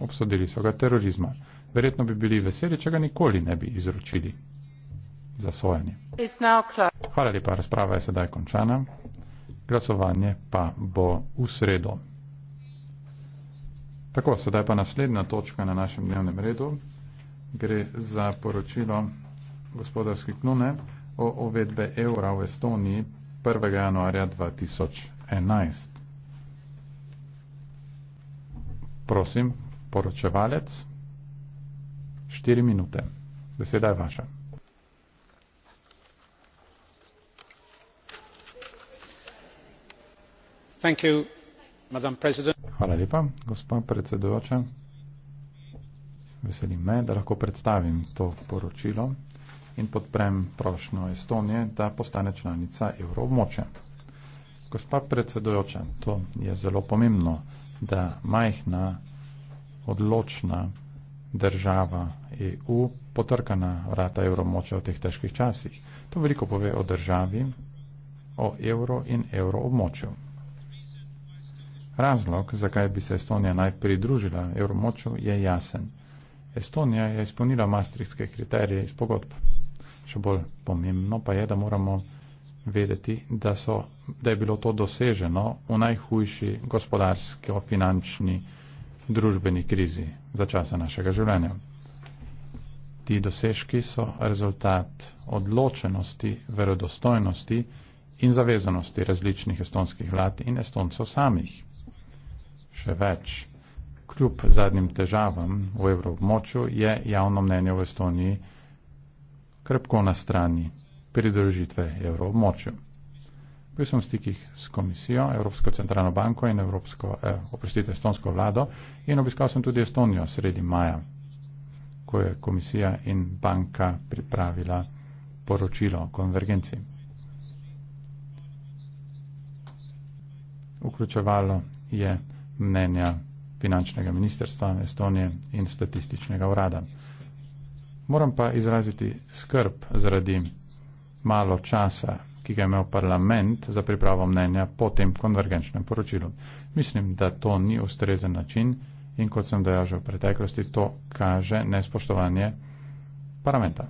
obsodili so ga terorizma. Verjetno bi bili veseli, če ga nikoli ne bi izročili za sojanje. Hvala lepa, razprava je sedaj končana. Glasovanje pa bo v sredo. Tako, sedaj pa naslednja točka na našem dnevnem redu. Gre za poročilo gospodarske knune o uvedbe evra v Estoniji 1. januarja 2011. Prosim, poročevalec. Štiri minute. Beseda je vaša. Thank you, Hvala lepa, gospa predsedujoča. Veseli me, da lahko predstavim to poročilo in podprem prošnjo Estonije, da postane članica evroobmoče. Gospa predsedujoča, to je zelo pomembno, da majhna odločna država EU potrka na vrata evromoča v teh težkih časih. To veliko pove o državi, o evro in evroobmočju. Razlog, zakaj bi se Estonija naj pridružila evromoču, je jasen. Estonija je izpolnila maastrichtske kriterije iz pogodb. Še bolj pomembno pa je, da moramo vedeti, da, so, da je bilo to doseženo v najhujši gospodarsko-finančni krizi družbeni krizi za časa našega življenja. Ti dosežki so rezultat odločenosti, verodostojnosti in zavezanosti različnih estonskih vlad in estoncev samih. Še več, kljub zadnjim težavam v evroobmočju je javno mnenje v Estoniji krpko na strani pridružitve evroobmočju. Bil sem v stikih s komisijo, Evropsko centralno banko in Evropsko, eh, oprostite, estonsko vlado in obiskal sem tudi Estonijo sredi maja, ko je komisija in banka pripravila poročilo o konvergenci. Vključevalo je mnenja finančnega ministerstva Estonije in statističnega urada. Moram pa izraziti skrb zaradi malo časa, ki ga je imel parlament za pripravo mnenja po tem konvergenčnem poročilu. Mislim, da to ni ustrezen način in kot sem dejal že v preteklosti, to kaže nespoštovanje parlamenta.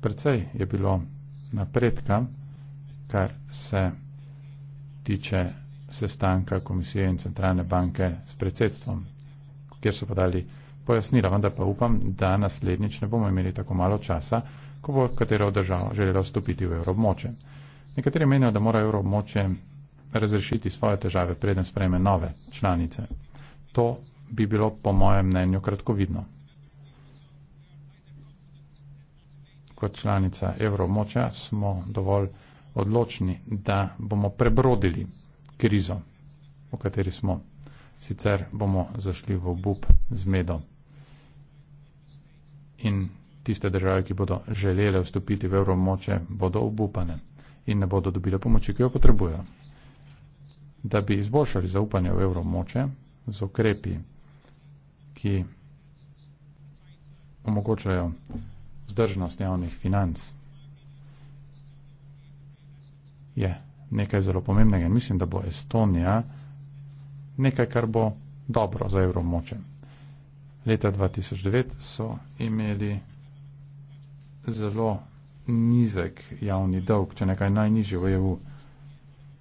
Predvsej je bilo napredka, kar se tiče sestanka komisije in centralne banke s predsedstvom, kjer so podali pojasnila, vendar pa upam, da naslednjič ne bomo imeli tako malo časa ko bo katera od držav želela vstopiti v evroobmoče. Nekateri menijo, da mora evroobmoče razrešiti svoje težave, preden sprejme nove članice. To bi bilo po mojem mnenju kratkovidno. Kot članica evroobmoča smo dovolj odločni, da bomo prebrodili krizo, v kateri smo. Sicer bomo zašli v obup z medo. In tiste države, ki bodo želele vstopiti v evromoče, bodo obupane in ne bodo dobile pomoči, ki jo potrebujejo. Da bi izboljšali zaupanje v evromoče z okrepi, ki omogočajo vzdržnost javnih financ, je nekaj zelo pomembnega. Mislim, da bo Estonija nekaj, kar bo dobro za evromoče. Leta 2009 so imeli zelo nizek javni dolg, če nekaj najnižji v EU.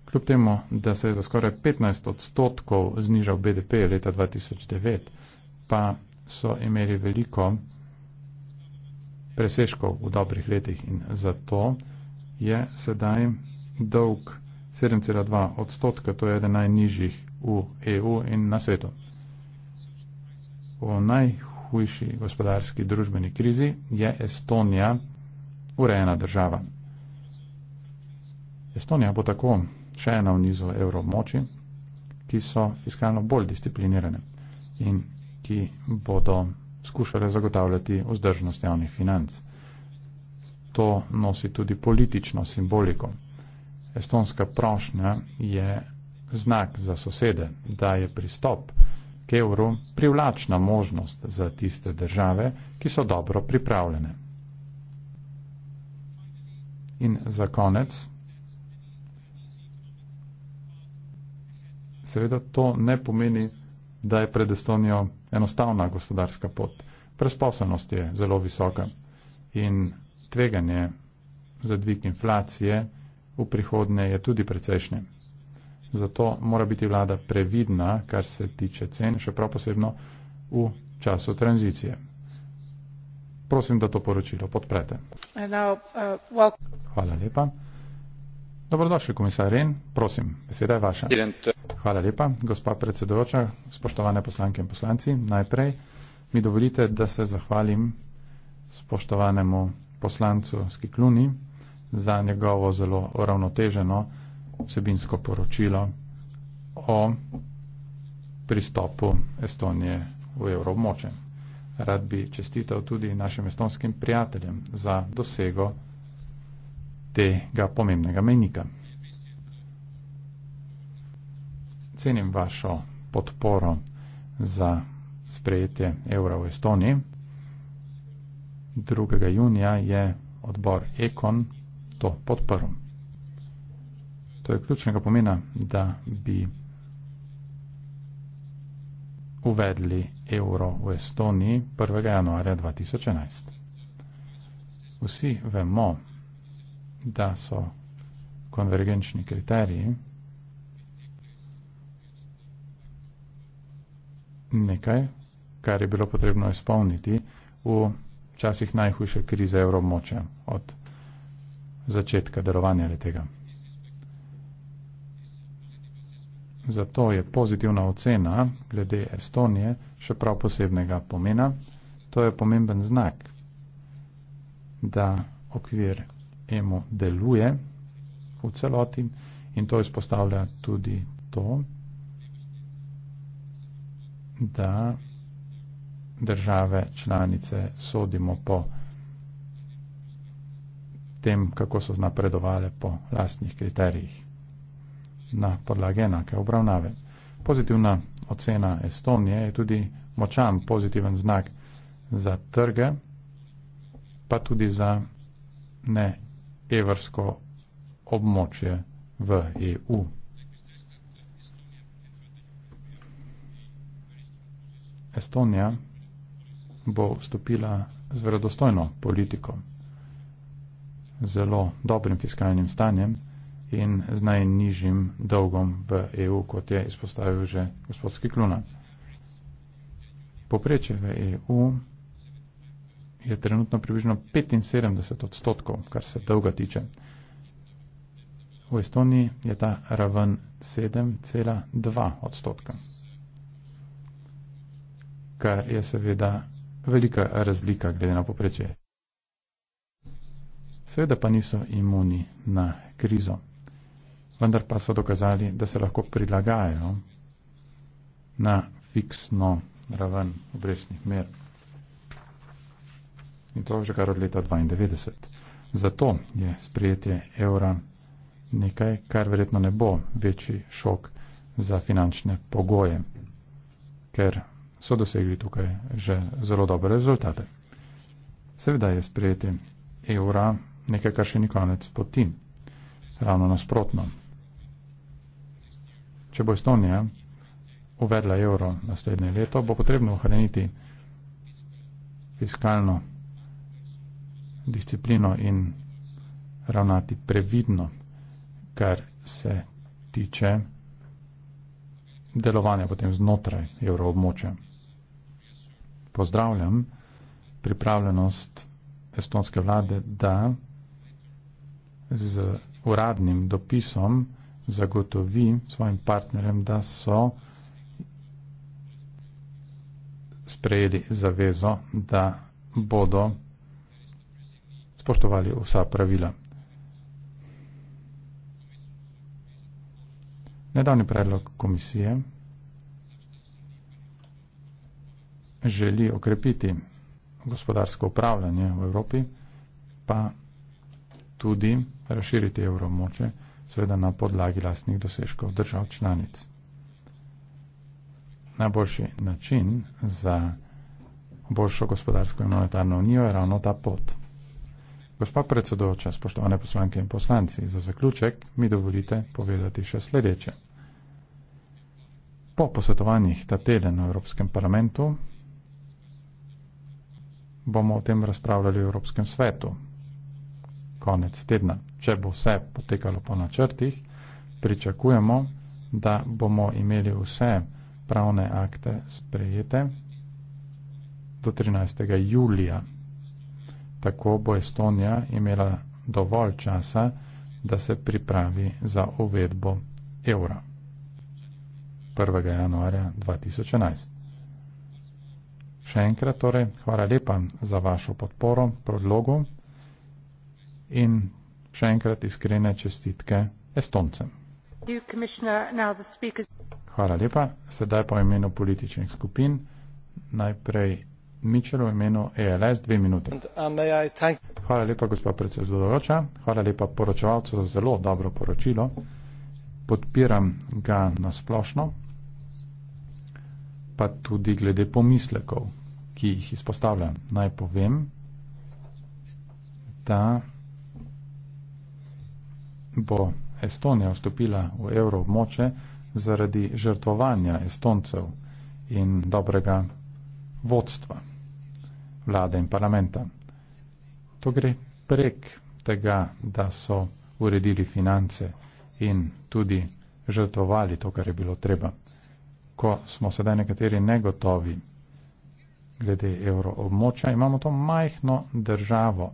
Kljub temu, da se je za skoraj 15 odstotkov znižal BDP leta 2009, pa so imeli veliko preseškov v dobrih letih in zato je sedaj dolg 7,2 odstotka, to je eden najnižjih v EU in na svetu. V najhujših hujši gospodarski družbeni krizi, je Estonija urejena država. Estonija bo tako še ena v nizu evromoči, ki so fiskalno bolj disciplinirane in ki bodo skušale zagotavljati vzdržnost javnih financ. To nosi tudi politično simboliko. Estonska prošnja je znak za sosede, da je pristop k evru privlačna možnost za tiste države, ki so dobro pripravljene. In za konec, seveda to ne pomeni, da je pred Estonijo enostavna gospodarska pot. Presposobnost je zelo visoka in tveganje za dvig inflacije v prihodnje je tudi precejšnje. Zato mora biti vlada previdna, kar se tiče cen, še prav posebno v času tranzicije. Prosim, da to poročilo podprete. Uh, Hvala lepa. Dobrodošli, komisar Ren, prosim, beseda je vaša. Hvala lepa, gospa predsedujoča, spoštovane poslanke in poslanci. Najprej mi dovolite, da se zahvalim spoštovanemu poslancu Skikluni za njegovo zelo uravnoteženo vsebinsko poročilo o pristopu Estonije v evroobmočje. Rad bi čestital tudi našim estonskim prijateljem za dosego tega pomembnega menika. Cenim vašo podporo za sprejetje evra v Estoniji. 2. junija je odbor Ekon to podprl. To je ključnega pomena, da bi uvedli evro v Estoniji 1. januarja 2011. Vsi vemo, da so konvergenčni kriteriji nekaj, kar je bilo potrebno izpolniti v časih najhujše krize evromoče od začetka delovanja letega. Zato je pozitivna ocena glede Estonije še prav posebnega pomena. To je pomemben znak, da okvir EMU deluje v celoti in to izpostavlja tudi to, da države članice sodimo po tem, kako so napredovale po lastnih kriterijih na podlagi enake obravnave. Pozitivna ocena Estonije je tudi močan pozitiven znak za trge, pa tudi za neevrsko območje v EU. Estonija bo vstopila z verodostojno politiko, zelo dobrim fiskalnim stanjem in z najnižjim dolgom v EU, kot je izpostavil že gospod Skikluna. Poprečje v EU je trenutno približno 75 odstotkov, kar se dolga tiče. V Estoniji je ta raven 7,2 odstotka, kar je seveda velika razlika glede na poprečje. Seveda pa niso imuni na krizo vendar pa so dokazali, da se lahko prilagajajo na fiksno raven obrestnih mer. In to že kar od leta 92. Zato je sprijetje evra nekaj, kar verjetno ne bo večji šok za finančne pogoje, ker so dosegli tukaj že zelo dobre rezultate. Seveda je sprijetje evra nekaj, kar še ni konec poti. Ravno nasprotno, če bo Estonija uvedla evro naslednje leto, bo potrebno ohraniti fiskalno disciplino in ravnati previdno, kar se tiče delovanja potem znotraj evroobmoča. Pozdravljam pripravljenost estonske vlade, da z uradnim dopisom zagotovi svojim partnerjem, da so sprejeli zavezo, da bodo spoštovali vsa pravila. Nedavni predlog komisije želi okrepiti gospodarsko upravljanje v Evropi, pa tudi razširiti evromoče seveda na podlagi lastnih dosežkov držav članic. Najboljši način za boljšo gospodarsko in monetarno unijo je ravno ta pot. Gospa predsedoča, spoštovane poslanke in poslanci, za zaključek mi dovolite povedati še sledeče. Po posvetovanjih ta teden v Evropskem parlamentu bomo o tem razpravljali v Evropskem svetu, konec tedna. Če bo vse potekalo po načrtih, pričakujemo, da bomo imeli vse pravne akte sprejete do 13. julija. Tako bo Estonija imela dovolj časa, da se pripravi za uvedbo evra 1. januarja 2011. Še enkrat torej, hvala lepa za vašo podporo, predlogom in še enkrat iskrene čestitke Estoncem. Hvala lepa. Sedaj pa v imenu političnih skupin. Najprej Mičel v imenu ELS, dve minute. Uh, Hvala lepa, gospod predsedujoča. Hvala lepa poročevalcu za zelo dobro poročilo. Podpiram ga na splošno, pa tudi glede pomislekov, ki jih izpostavljam. Naj povem, da bo Estonija vstopila v evroobmoče zaradi žrtvovanja Estoncev in dobrega vodstva vlade in parlamenta. To gre prek tega, da so uredili finance in tudi žrtvovali to, kar je bilo treba. Ko smo sedaj nekateri negotovi glede evroobmoča, imamo to majhno državo,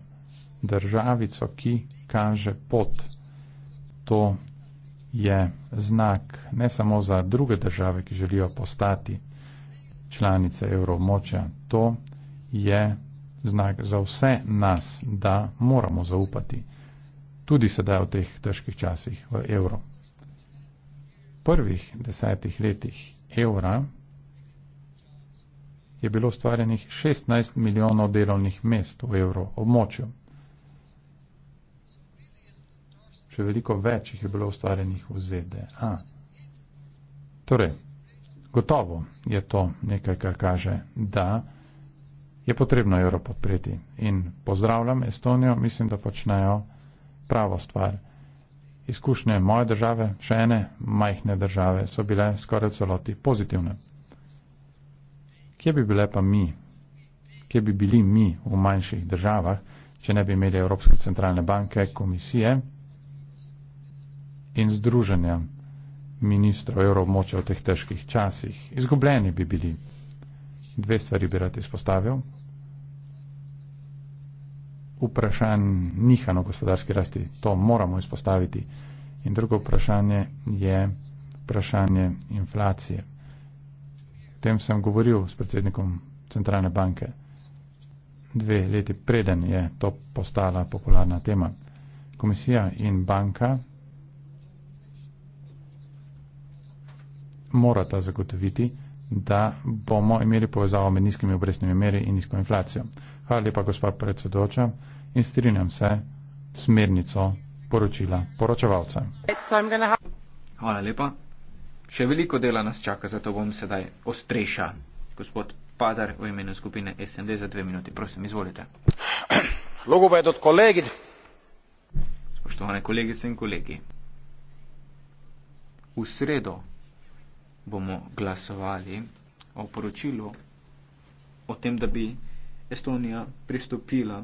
državico, ki kaže pot to je znak ne samo za druge države, ki želijo postati članice evromoča, to je znak za vse nas, da moramo zaupati tudi sedaj v teh težkih časih v evro. V prvih desetih letih evra je bilo ustvarjenih 16 milijonov delovnih mest v evro območju. še veliko več jih je bilo ustvarjenih v ZDA. Torej, gotovo je to nekaj, kar kaže, da je potrebno evro podpreti. In pozdravljam Estonijo, mislim, da počnejo pravo stvar. Izkušnje moje države, še ene majhne države, so bile skoraj celoti pozitivne. Kje bi bile pa mi, kje bi bili mi v manjših državah, če ne bi imeli Evropske centralne banke, komisije, in združenja ministrov evroobmočja v teh težkih časih. Izgubljeni bi bili. Dve stvari bi rad izpostavil. Vprašanje nihano gospodarski rasti, to moramo izpostaviti. In drugo vprašanje je vprašanje inflacije. Tem sem govoril s predsednikom Centralne banke dve leti preden je to postala popularna tema. Komisija in banka morata zagotoviti, da bomo imeli povezavo med nizkimi obrestnimi meri in nizko inflacijo. Hvala lepa, gospa predsedoča, in strinjam se smernico poročila poročevalca. Hvala lepa. Še veliko dela nas čaka, zato bom sedaj ostreša. Gospod Padar v imenu skupine SND za dve minuti. Prosim, izvolite. Lugupedot kolegi. Spoštovane kolegice in kolegi. V sredo bomo glasovali o poročilu o tem, da bi Estonija pristopila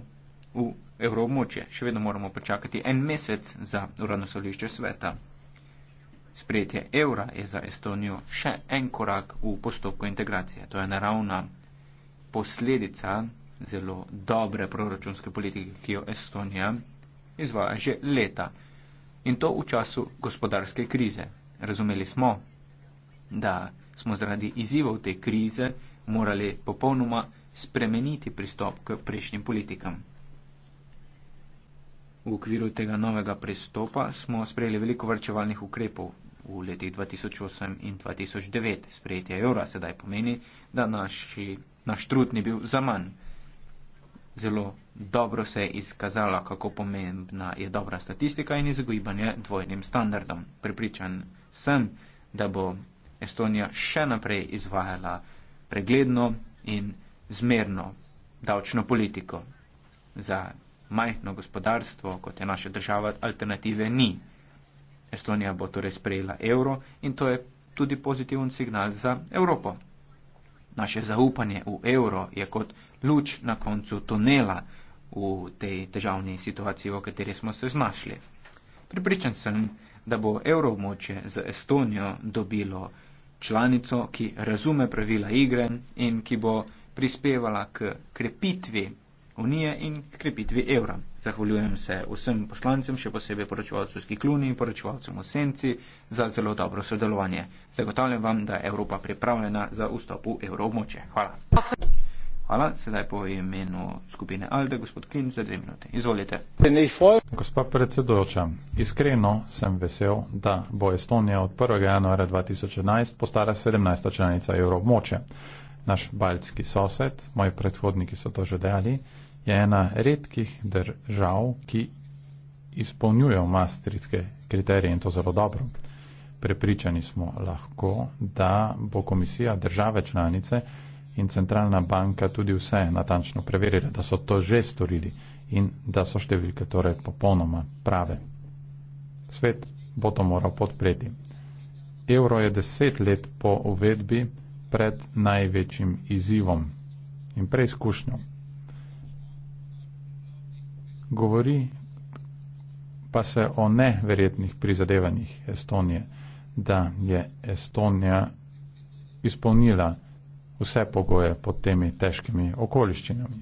v evroobmočje. Še vedno moramo počakati en mesec za uradno solišče sveta. Sprejetje evra je za Estonijo še en korak v postopku integracije. To je naravna posledica zelo dobre proračunske politike, ki jo Estonija izvaja že leta. In to v času gospodarske krize. Razumeli smo, da smo zaradi izzivov te krize morali popolnoma spremeniti pristop k prejšnjim politikam. V okviru tega novega pristopa smo sprejeli veliko vrčevalnih ukrepov v letih 2008 in 2009. Sprejetje evra sedaj pomeni, da naši, naš trud ni bil za manj. Zelo dobro se je izkazala, kako pomembna je dobra statistika in izogibanje dvojnim standardom. Pripričan sem, da bo Estonija še naprej izvajala pregledno in zmerno davčno politiko. Za majhno gospodarstvo, kot je naša država, alternative ni. Estonija bo torej sprejela evro in to je tudi pozitiven signal za Evropo. Naše zaupanje v evro je kot luč na koncu tunela v tej težavni situaciji, v kateri smo se znašli. Pripričan sem, da bo evro območje z Estonijo dobilo članico, ki razume pravila igre in ki bo prispevala k krepitvi unije in k krepitvi evra. Zahvaljujem se vsem poslancem, še posebej poročevalcu Skikluni in poročevalcem v Senci za zelo dobro sodelovanje. Zagotavljam vam, da je Evropa pripravljena za vstop v evroobmoče. Hvala. Hvala, sedaj po imenu skupine Alde, gospod Klin, za dve minute. Izvolite. Gospa predsedujoča, iskreno sem vesel, da bo Estonija od 1. januara 2011 postala 17. članica evroobmoče. Naš baljski sosed, moji predhodniki so to že dejali, je ena redkih držav, ki izpolnjujejo mastritske kriterije in to zelo dobro. Prepričani smo lahko, da bo komisija države članice in centralna banka tudi vse natančno preverila, da so to že storili in da so številke torej popolnoma prave. Svet bo to moral podpreti. Evro je deset let po uvedbi pred največjim izzivom in preizkušnjo. Govori pa se o neverjetnih prizadevanjih Estonije, da je Estonija izpolnila vse pogoje pod temi težkimi okoliščinami.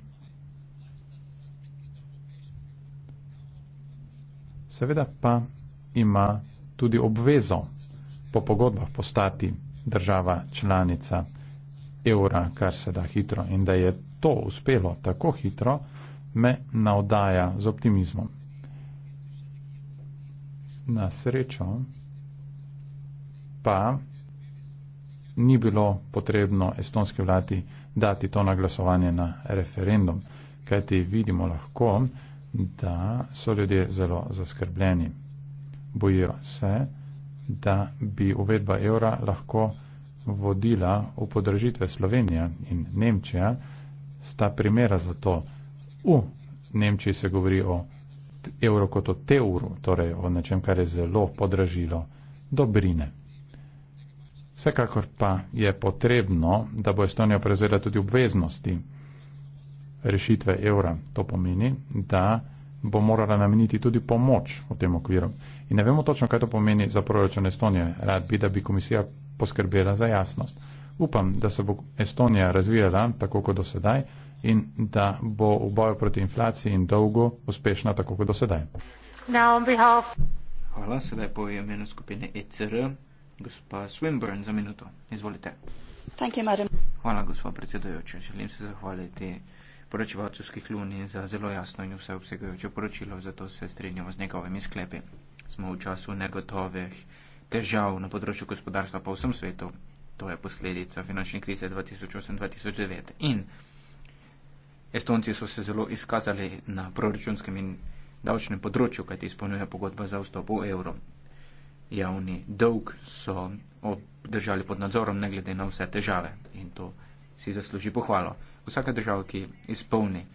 Seveda pa ima tudi obvezo po pogodbah postati država članica evra, kar se da hitro. In da je to uspelo tako hitro, me navdaja z optimizmom. Na srečo pa ni bilo potrebno estonski vladi dati to na glasovanje na referendum, kajti vidimo lahko, da so ljudje zelo zaskrbljeni. Bojijo se, da bi uvedba evra lahko vodila v podržitve Slovenija in Nemčija, sta primera za to. V Nemčiji se govori o evro kot o teuru, torej o nečem, kar je zelo podražilo dobrine. Vsekakor pa je potrebno, da bo Estonija prevzela tudi obveznosti rešitve evra. To pomeni, da bo morala nameniti tudi pomoč v tem okviru. In ne vemo točno, kaj to pomeni za proračun Estonije. Rad bi, da bi komisija poskrbela za jasnost. Upam, da se bo Estonija razvijala tako kot do sedaj in da bo v boju proti inflaciji in dolgu uspešna tako kot do sedaj. Hvala, sedaj povem eno skupine ECR. Gospa Swinburne za minuto. Izvolite. Thank you, Hvala, gospod predsedujoči. Želim se zahvaliti poročevalcevskih luni za zelo jasno in vseobsegajoče poročilo, zato se strinjamo z njegovimi sklepi. Smo v času negotovih težav na področju gospodarstva po vsem svetu. To je posledica finančne krize 2008-2009. In Estonci so se zelo izkazali na proračunskem in davčnem področju, kajti izpolnjuje pogodba za vstop v evro javni dolg so obdržali pod nadzorom, ne glede na vse težave. In to si zasluži pohvalo. Vsaka država, ki izpolni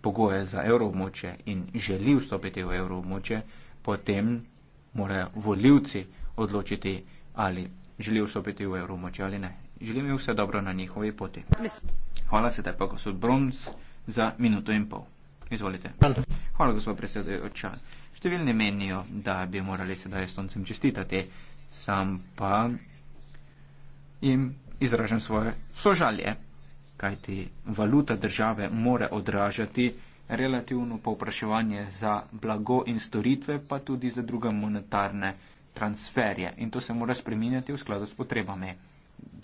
pogoje za evroobmoče in želi vstopiti v evroobmoče, potem morajo voljivci odločiti, ali želi vstopiti v evroobmoče ali ne. Želim jim vse dobro na njihovi poti. Hvala se tepa, gospod Bruns, za minuto in pol. Izvolite. Hvala, gospod predsedujoča. Številni menijo, da bi morali sedaj stoncem čestitati, sam pa jim izražam svoje sožalje, kajti valuta države more odražati relativno povpraševanje za blago in storitve, pa tudi za druge monetarne transferje. In to se mora spreminjati v skladu s potrebami.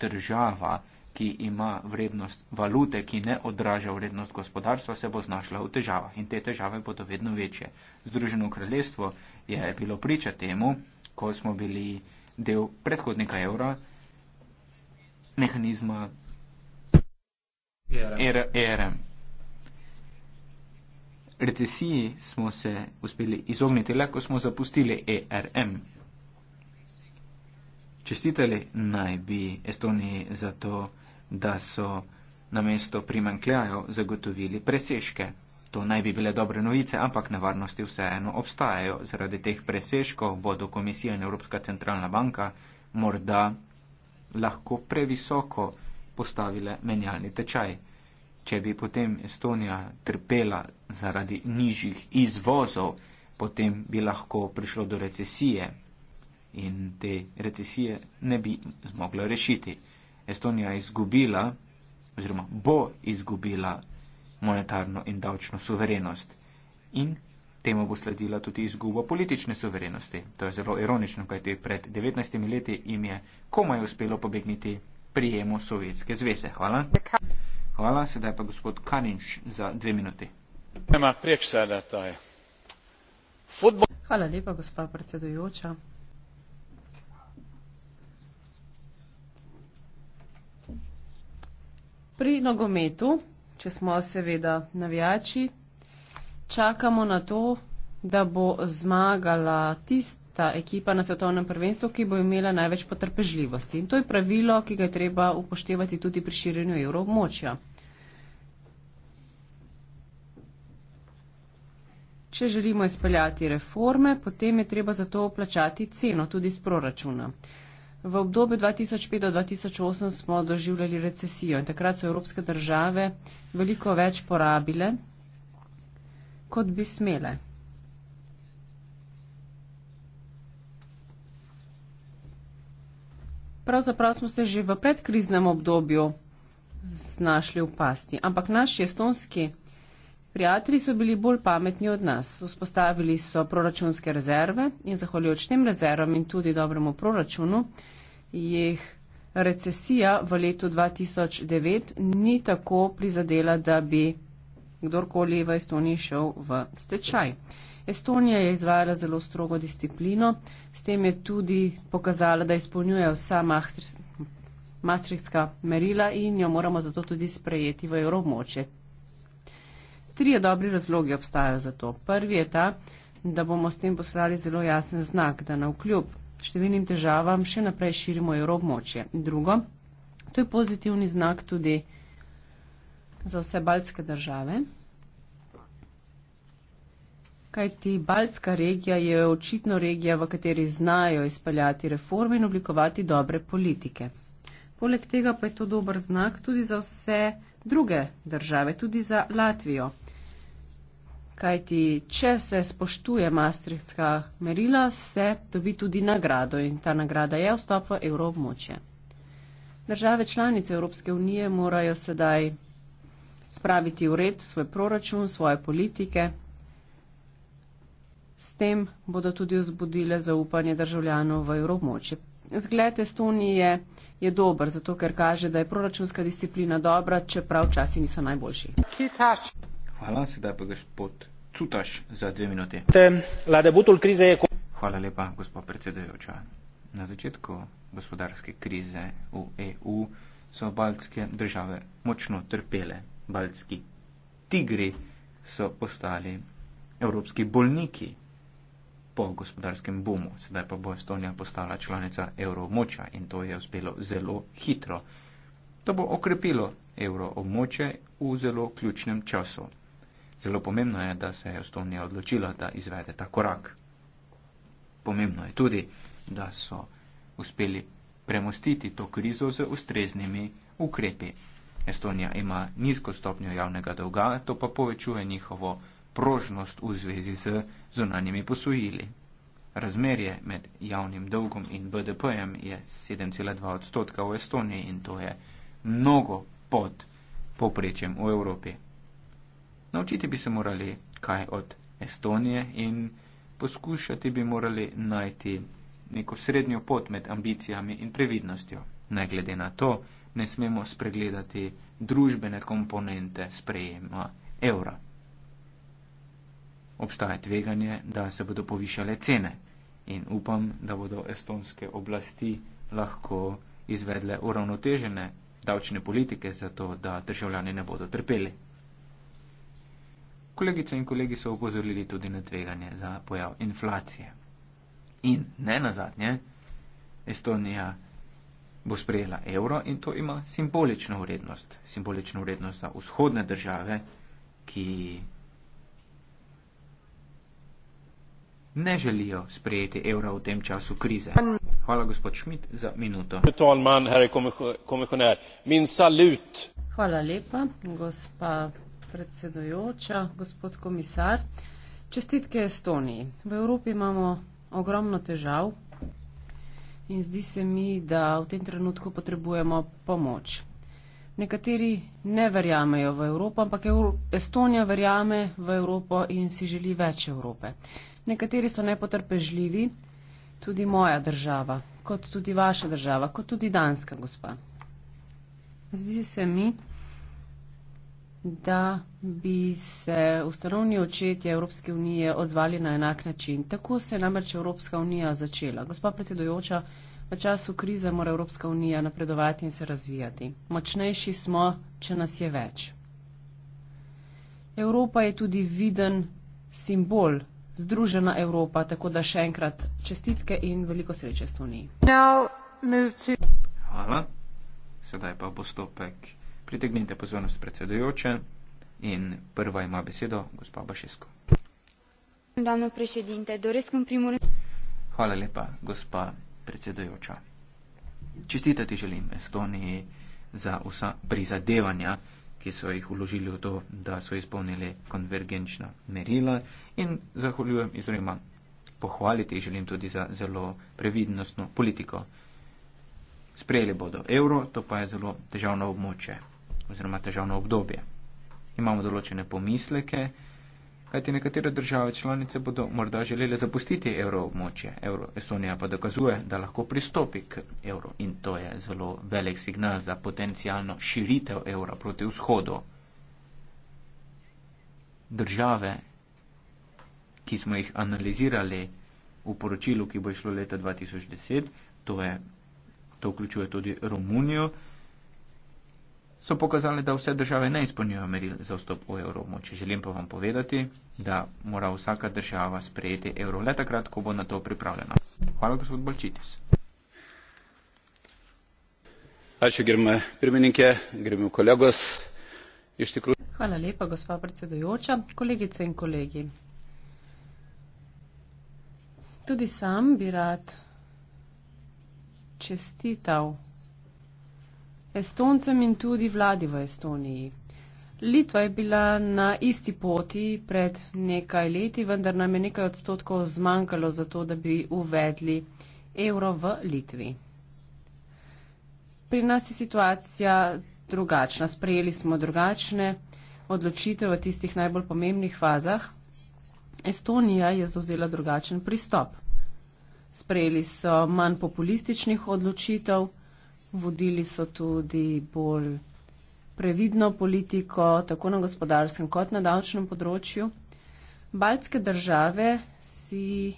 Država ki ima vrednost valute, ki ne odraža vrednost gospodarstva, se bo znašla v težavah in te težave bodo vedno večje. Združeno kraljestvo je bilo priča temu, ko smo bili del predhodnika evra, mehanizma ERM. Recesiji smo se uspeli izogniti, le ko smo zapustili ERM. Čestitali naj bi Estoniji za to da so namesto primankljajev zagotovili presežke. To naj bi bile dobre novice, ampak nevarnosti vseeno obstajajo. Zaradi teh presežkov bodo komisija in Evropska centralna banka morda lahko previsoko postavile menjalni tečaj. Če bi potem Estonija trpela zaradi nižjih izvozov, potem bi lahko prišlo do recesije in te recesije ne bi zmogla rešiti. Estonija izgubila oziroma bo izgubila monetarno in davčno suverenost. In temu bo sledila tudi izguba politične suverenosti. To je zelo ironično, kajti pred 19 leti jim je komaj uspelo pobegniti prijemu Sovjetske zveze. Hvala. Hvala, sedaj pa gospod Kaninš za dve minuti. Hvala lepa, gospa predsedujoča. Pri nogometu, če smo seveda navijači, čakamo na to, da bo zmagala tista ekipa na svetovnem prvenstvu, ki bo imela največ potrpežljivosti. In to je pravilo, ki ga je treba upoštevati tudi pri širjenju evroobmočja. Če želimo izpeljati reforme, potem je treba za to plačati ceno tudi z proračuna. V obdobju 2005 do 2008 smo doživljali recesijo in takrat so evropske države veliko več porabile, kot bi smele. Pravzaprav smo se že v predkriznem obdobju znašli v pasti, ampak naši estonski. Prijatelji so bili bolj pametni od nas. Vzpostavili so proračunske rezerve in zahvaljujoč tem rezervam in tudi dobremu proračunu jih recesija v letu 2009 ni tako prizadela, da bi kdorkoli v Estoniji šel v stečaj. Estonija je izvajala zelo strogo disciplino, s tem je tudi pokazala, da izpolnjuje vsa maastrichtska merila in jo moramo zato tudi sprejeti v evromoče. Trije dobri razlogi obstajajo za to. Prvi je ta, da bomo s tem poslali zelo jasen znak, da na vkljub številnim težavam še naprej širimo evroobmočje. Drugo, to je pozitivni znak tudi za vse baltske države, kajti baltska regija je očitno regija, v kateri znajo izpeljati reforme in oblikovati dobre politike. Poleg tega pa je to dober znak tudi za vse druge države, tudi za Latvijo. Kajti, če se spoštuje maastrichtska merila, se dobi tudi nagrado in ta nagrada je vstop v evroobmočje. Države članice Evropske unije morajo sedaj spraviti v red svoj proračun, svoje politike. S tem bodo tudi vzbudile zaupanje državljanov v evroobmočje. Zgled Estonije je dober, zato ker kaže, da je proračunska disciplina dobra, čeprav časi niso najboljši. Hvala, sedaj pa gospod Cutaš za dve minute. La debutul krize je... Hvala lepa, gospod predsedujoča. Na začetku gospodarske krize v EU so baltske države močno trpele. Baltski tigri so postali evropski bolniki po gospodarskem bumu. Sedaj pa bo Estonija postala članica evroomoča in to je uspelo zelo hitro. To bo okrepilo evroomoče v zelo ključnem času. Zelo pomembno je, da se je Estonija odločila, da izvede ta korak. Pomembno je tudi, da so uspeli premostiti to krizo z ustreznimi ukrepi. Estonija ima nizko stopnjo javnega dolga, to pa povečuje njihovo prožnost v zvezi z zunanjimi posojili. Razmerje med javnim dolgom in BDP-jem je 7,2 odstotka v Estoniji in to je mnogo pod povprečjem v Evropi. Naučiti bi se morali kaj od Estonije in poskušati bi morali najti neko srednjo pot med ambicijami in previdnostjo. Ne glede na to, ne smemo spregledati družbene komponente sprejema evra. Obstaja tveganje, da se bodo povišale cene in upam, da bodo estonske oblasti lahko izvedle uravnotežene davčne politike, zato da državljani ne bodo trpeli. Kolegice in kolegi so upozorili tudi na tveganje za pojav inflacije. In ne nazadnje, Estonija bo sprejela evro in to ima simbolično vrednost. Simbolično vrednost za vzhodne države, ki ne želijo sprejeti evra v tem času krize. Hvala, gospod Šmit, za minuto. Hvala lepa, gospa predsedujoča, gospod komisar. Čestitke Estoniji. V Evropi imamo ogromno težav in zdi se mi, da v tem trenutku potrebujemo pomoč. Nekateri ne verjamejo v Evropo, ampak Estonija verjame v Evropo in si želi več Evrope. Nekateri so nepotrpežljivi, tudi moja država, kot tudi vaša država, kot tudi Danska, gospa. Zdi se mi, da bi se ustanovni očetje Evropske unije odzvali na enak način. Tako se je namreč Evropska unija začela. Gospa predsedujoča, v času krize mora Evropska unija napredovati in se razvijati. Močnejši smo, če nas je več. Evropa je tudi viden simbol. Združena Evropa, tako da še enkrat čestitke in veliko sreče s Tuniji. Hvala. Sedaj pa postopek. Pritegnite pozornost predsedujoče in prva ima besedo gospa Bašisko. Hvala lepa, gospa predsedujoča. Čestitati želim Estoniji za vsa prizadevanja, ki so jih vložili v to, da so izpolnili konvergenčna merila in zahvaljujem izrema pohvaliti želim tudi za zelo previdnostno politiko. Sprejeli bodo evro, to pa je zelo težavno območje oziroma težavno obdobje. Imamo določene pomisleke, kajti nekatere države članice bodo morda želeli zapustiti evroobmočje. Euro Estonija pa dokazuje, da lahko pristopi k evro in to je zelo velik signal za potencijalno širitev evra proti vzhodu. Države, ki smo jih analizirali v poročilu, ki bo išlo leta 2010, to, je, to vključuje tudi Romunijo, so pokazali, da vse države ne izpolnjujejo meril za vstop v evroobmočje. Želim pa vam povedati, da mora vsaka država sprejeti evro le takrat, ko bo na to pripravljena. Hvala, gospod Balčitis. Ačiū gerbime pirmininkė, gerbime kolegos. Iš tikrųjų. Hvala lepa, gospa predsedujoča, kolegice in kolegi. Tudi sam bi rad čestital Estoncem in tudi vladi v Estoniji. Litva je bila na isti poti pred nekaj leti, vendar nam je nekaj odstotkov zmanjkalo za to, da bi uvedli evro v Litvi. Pri nas je situacija drugačna. Sprejeli smo drugačne odločitev v tistih najbolj pomembnih fazah. Estonija je zauzela drugačen pristop. Sprejeli so manj populističnih odločitev vodili so tudi bolj previdno politiko, tako na gospodarskem kot na davčnem področju. Baltske države si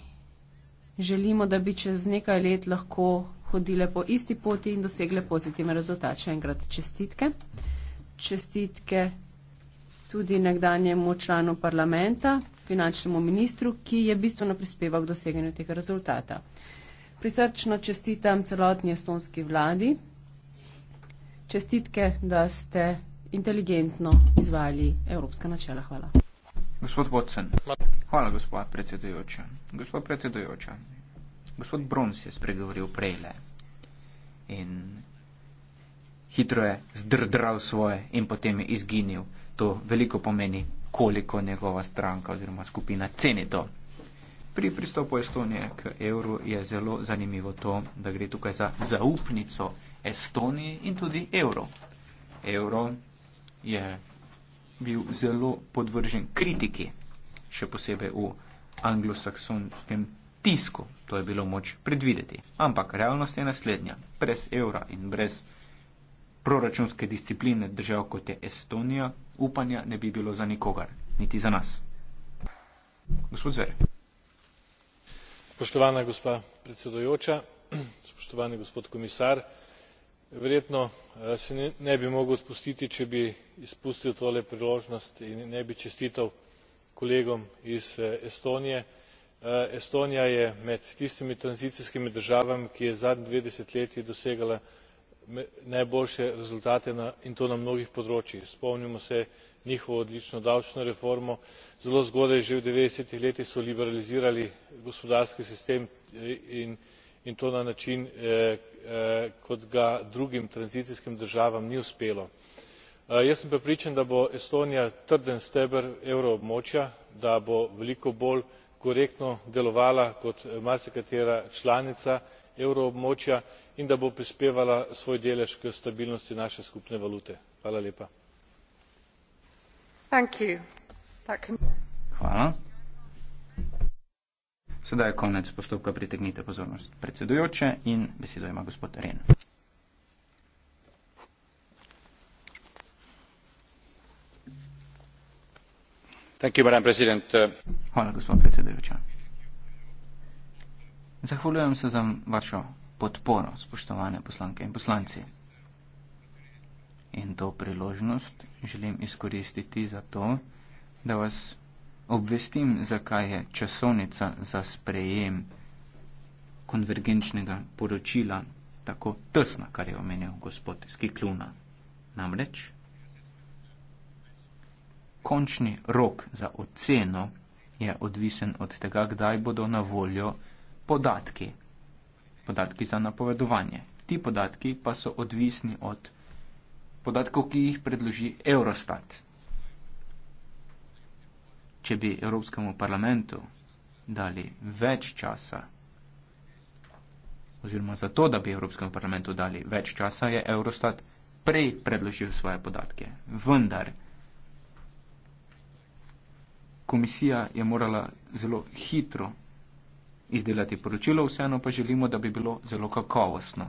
želimo, da bi čez nekaj let lahko hodile po isti poti in dosegle pozitivne rezultate. Enkrat čestitke. Čestitke tudi nekdanjemu članu parlamenta, finančnemu ministru, ki je bistveno prispeval k doseganju tega rezultata. Prisrčno čestitam celotni estonski vladi. Čestitke, da ste inteligentno izvajali evropska načela. Hvala. Gospod Bodsen. Hvala, gospod predsedujoča. Gospod predsedujoča, gospod Brons je spregovoril prejle in hitro je zdrdral svoje in potem je izginil. To veliko pomeni, koliko njegova stranka oziroma skupina ceni to pri pristopu Estonije k evru je zelo zanimivo to, da gre tukaj za zaupnico Estoniji in tudi evro. Evro je bil zelo podvržen kritiki, še posebej v anglosaksonskem tisku. To je bilo moč predvideti. Ampak realnost je naslednja. Brez evra in brez proračunske discipline držav kot je Estonija, upanja ne bi bilo za nikogar, niti za nas. Gospod Zver spoštovana gospa predsedujoča spoštovani gospod komisar verjetno eh, se ne bi mogel spustiti če bi izpustil tole priložnost in ne bi čestital kolegom iz eh, estonije eh, estonija je med tistimi tranzicijskimi državami ki je zadnji dve desetletji dosegala najboljše rezultate in to na mnogih področjih spomnimo se njihovo odlično davčno reformo zelo zgodaj že v devetdeset ih letih so liberalizirali gospodarski sistem eh, in to na način eh, eh, kot ga drugim tranzicijskim državam ni uspelo. jaz sem prepričan da bo estonija trden steber evroobmočja da bo veliko bolj korektno delovala kot marsikatera članica evroobmočja in da bo prispevala svoj delež k stabilnosti naše skupne valute. Sedaj je konec postopka, pritegnite pozornost predsedujoče in besedo ima gospod Ren. Thank you, madam president. Hvala, gospod predsedujoča. Zahvaljujem se za vašo podporo, spoštovane poslanke in poslanci. In to priložnost želim izkoristiti za to, da vas obvestim, zakaj je časovnica za sprejem konvergenčnega poročila tako tesna, kar je omenil gospod Skikluna. Namreč, končni rok za oceno je odvisen od tega, kdaj bodo na voljo podatki, podatki za napovedovanje. Ti podatki pa so odvisni od podatkov, ki jih predloži Eurostat. Če bi Evropskemu parlamentu dali več časa, oziroma zato, da bi Evropskemu parlamentu dali več časa, je Eurostat prej predložil svoje podatke. Vendar komisija je morala zelo hitro izdelati poročilo, vseeno pa želimo, da bi bilo zelo kakovostno.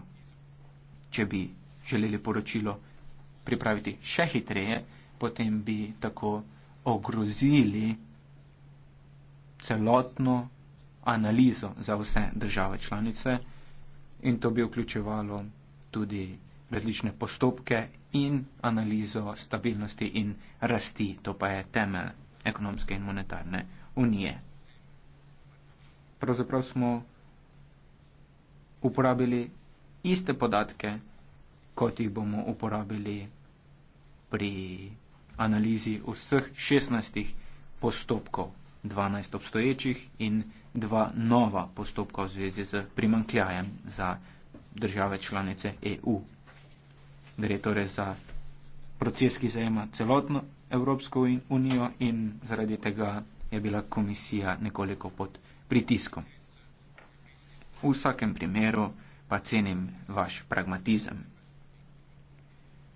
Če bi želeli poročilo, pripraviti še hitreje, potem bi tako ogrozili celotno analizo za vse države članice in to bi vključevalo tudi različne postopke in analizo stabilnosti in rasti, to pa je temelj ekonomske in monetarne unije. Pravzaprav smo uporabili iste podatke kot jih bomo uporabili pri analizi vseh 16 postopkov, 12 obstoječih in dva nova postopka v zvezi z primankljajem za države članice EU. Gre torej za proces, ki zajema celotno Evropsko unijo in zaradi tega je bila komisija nekoliko pod pritiskom. V vsakem primeru pa cenim vaš pragmatizem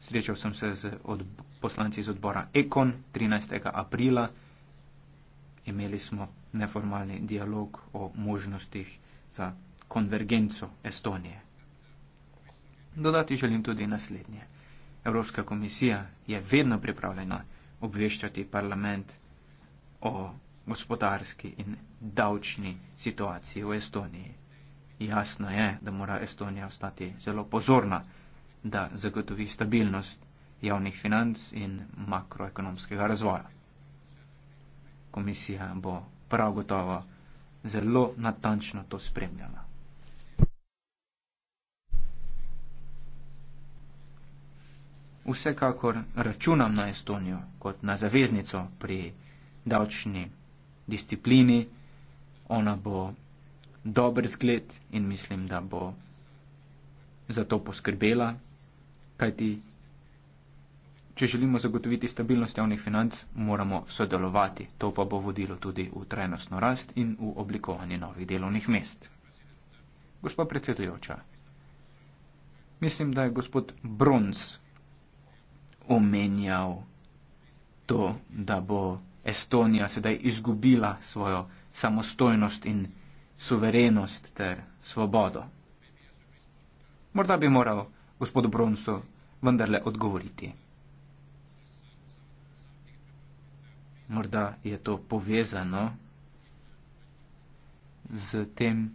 srečal sem se z od, poslanci iz odbora Ekon 13. aprila. Imeli smo neformalni dialog o možnostih za konvergenco Estonije. Dodati želim tudi naslednje. Evropska komisija je vedno pripravljena obveščati parlament o gospodarski in davčni situaciji v Estoniji. Jasno je, da mora Estonija ostati zelo pozorna da zagotovi stabilnost javnih financ in makroekonomskega razvoja. Komisija bo prav gotovo zelo natančno to spremljala. Vsekakor računam na Estonijo kot na zaveznico pri davčni disciplini. Ona bo dober zgled in mislim, da bo za to poskrbela, kajti če želimo zagotoviti stabilnost javnih financ, moramo sodelovati. To pa bo vodilo tudi v trenosno rast in v oblikovanje novih delovnih mest. Gospa predsedujoča, mislim, da je gospod Bruns omenjal to, da bo Estonija sedaj izgubila svojo samostojnost in suverenost ter svobodo. Morda bi moral gospodu Bronsu vendarle odgovoriti. Morda je to povezano z tem,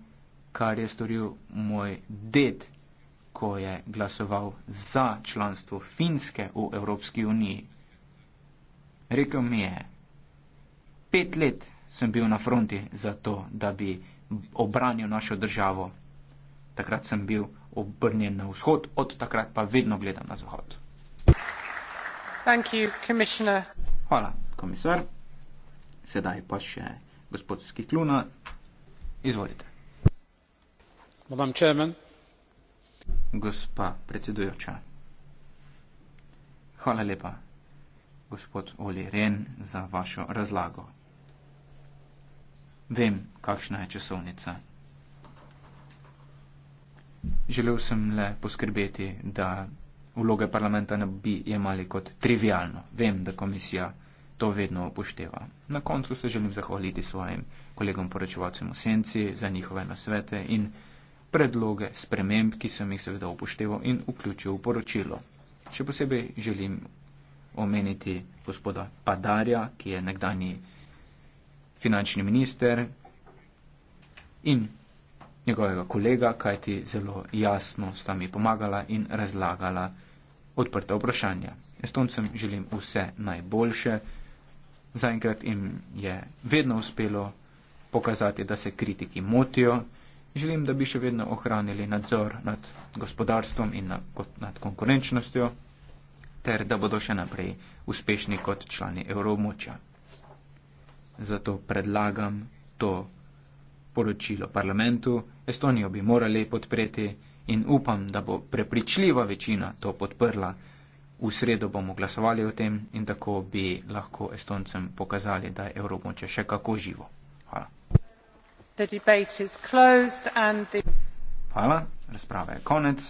kar je storil moj ded, ko je glasoval za članstvo Finske v Evropski uniji. Rekl mi je, pet let sem bil na fronti za to, da bi obranil našo državo. Takrat sem bil obrnjen na vzhod, od takrat pa vedno gledam na zahod. You, Hvala, komisar. Sedaj pa še gospod Skikluna. Izvolite. Madam Čemen. Gospa predsedujoča. Hvala lepa, gospod Oli Ren, za vašo razlago. Vem, kakšna je časovnica Želel sem le poskrbeti, da vloge parlamenta ne bi jemali kot trivialno. Vem, da komisija to vedno upošteva. Na koncu se želim zahvaliti svojim kolegom poročevalcem v senci za njihove nasvete in predloge sprememb, ki sem jih seveda upošteval in vključil v poročilo. Še posebej želim omeniti gospoda Padarja, ki je nekdani finančni minister in njegovega kolega, kajti zelo jasno sta mi pomagala in razlagala odprta vprašanja. Estoncem želim vse najboljše. Zaenkrat jim je vedno uspelo pokazati, da se kritiki motijo. Želim, da bi še vedno ohranili nadzor nad gospodarstvom in nad konkurenčnostjo ter da bodo še naprej uspešni kot člani evroobmočja. Zato predlagam to poročilo parlamentu, Estonijo bi morali podpreti in upam, da bo prepričljiva večina to podprla. V sredo bomo glasovali o tem in tako bi lahko Estoncem pokazali, da je Evropoče še kako živo. Hvala. Hvala, razprava je konec,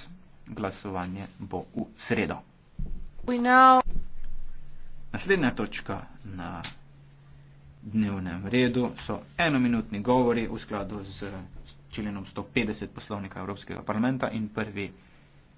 glasovanje bo v sredo. Naslednja točka na dnevnem redu so enominutni govori v skladu z členom 150 poslovnika Evropskega parlamenta in prvi